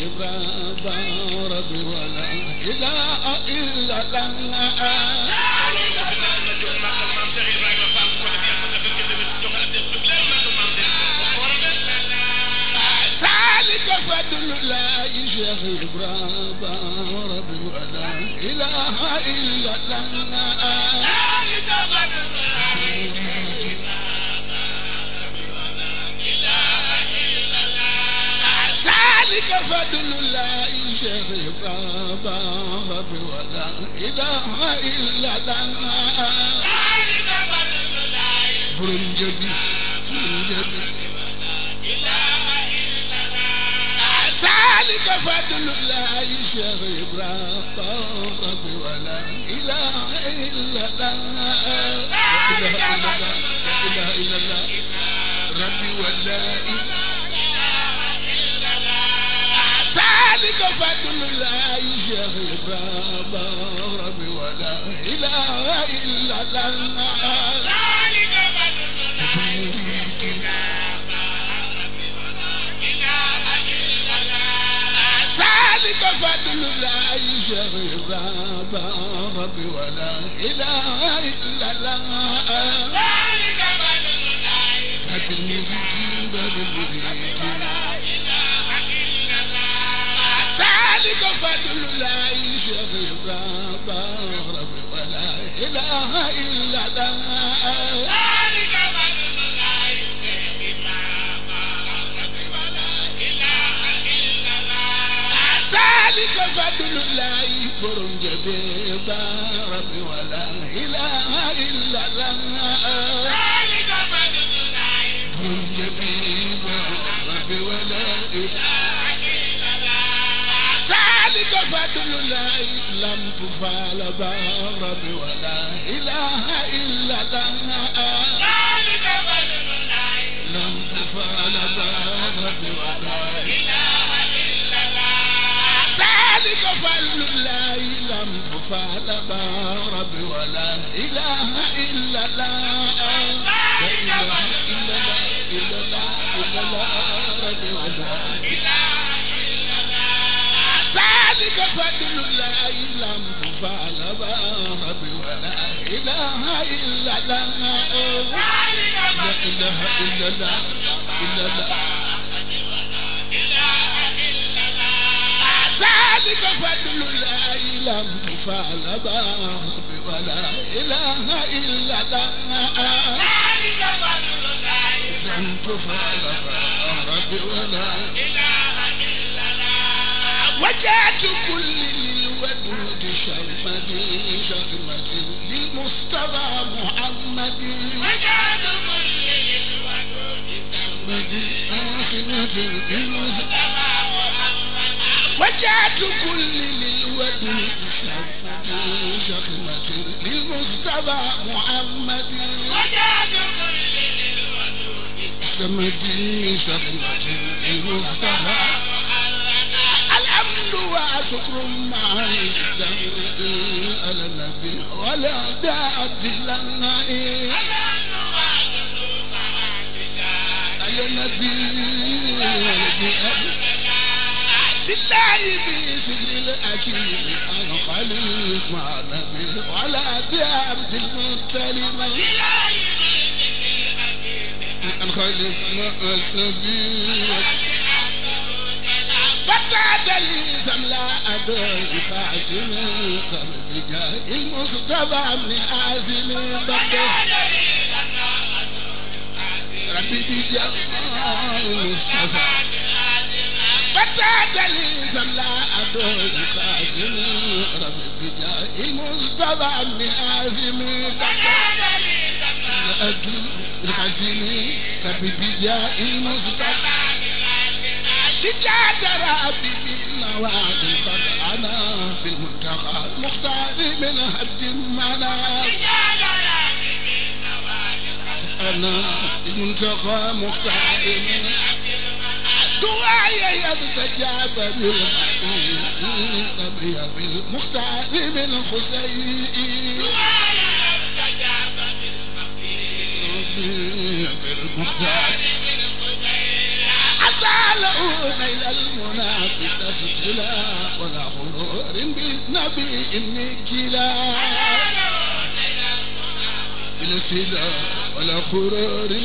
Ibrahima jóg Habibi ya ilmu suka أنا المنتقى مختار من الدعاء يستجاب بالخير furori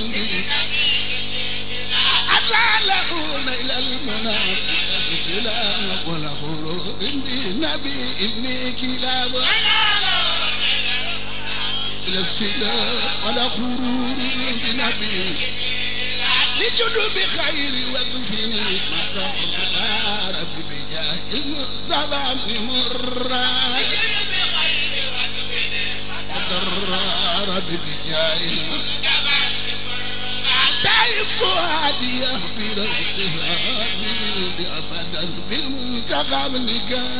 maqaam